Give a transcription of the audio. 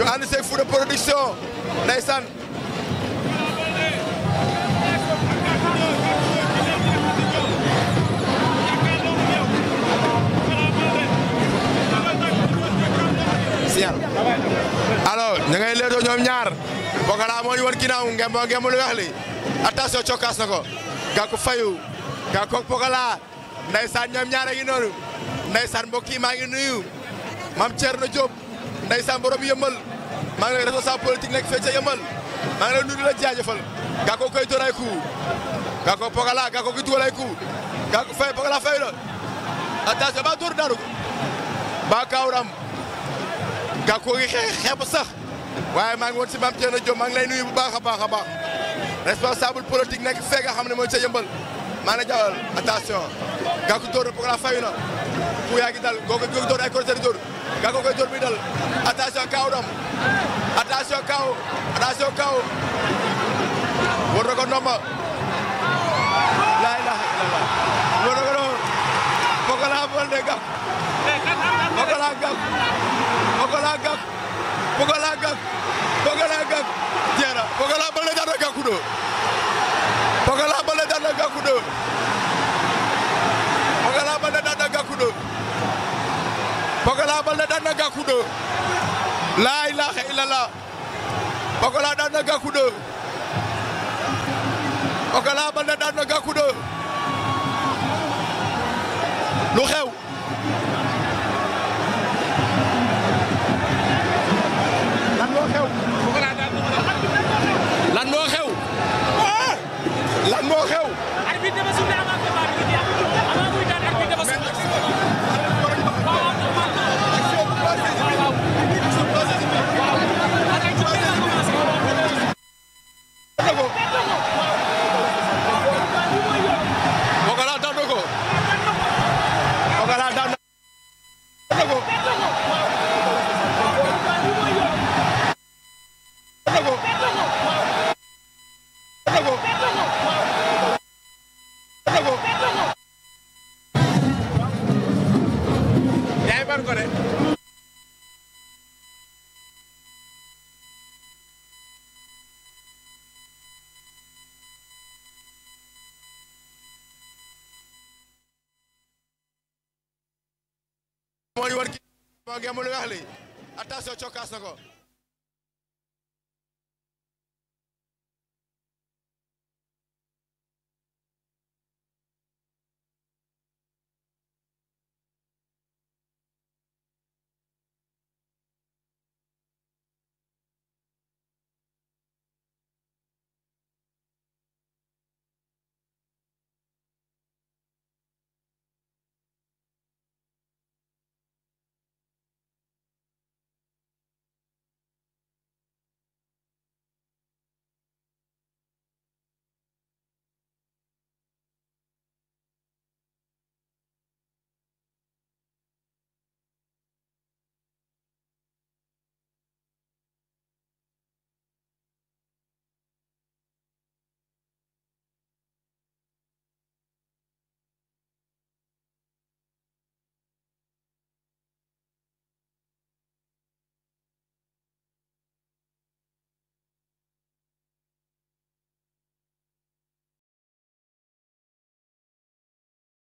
Johannes heeft voor de production. Nee, staan. Alo, ngay leer ñom ñaar. Boko la mo yoon kinaaw ngem bo gemul wax li. Attention chokas nako. Ga ko fayu. Ga ko boko la. Ndaysan ñom ñaar ak yi nonu. Ndaysan mbokki ma ngi nuyu. Mam Cherno Diop ndeysaan borom yëmbal maa ngi lay responsable politique nekk fee ca yëmbal maa ngi lay nuyu la koy door ay coup Pogala Gackou ki dugal ay coup fay Pogala fay la attention ba door daanu ba kawram Gackou gi xeex xeeb sax waaye maa ngi woon si maam Thierno Diop maa ngi lay nuyu bu baax a baax a baax responsable politique nekk fee nga xam ne mooy ca yëmbal maa na jawal na Pokola fayu na ku yaa ngi dal googu googu dóor ay cortège dóor Gakou koy dóor muy dal attention kaw dom attention kaw attention kaw war na ko ndomba laa ilaha illallah na ko ndomba Pokola Baldé Gakou Pokola Gakou daga kudo pagala bala da daga kudo pagala bala da daga kudo pagala bala da daga kudo la ilaha illallah pagala da daga kudo pagala bala da daga kudo lu xew morreu. defar ko de. mooy war kii moo gëmul wax li attention cokkaas na ko.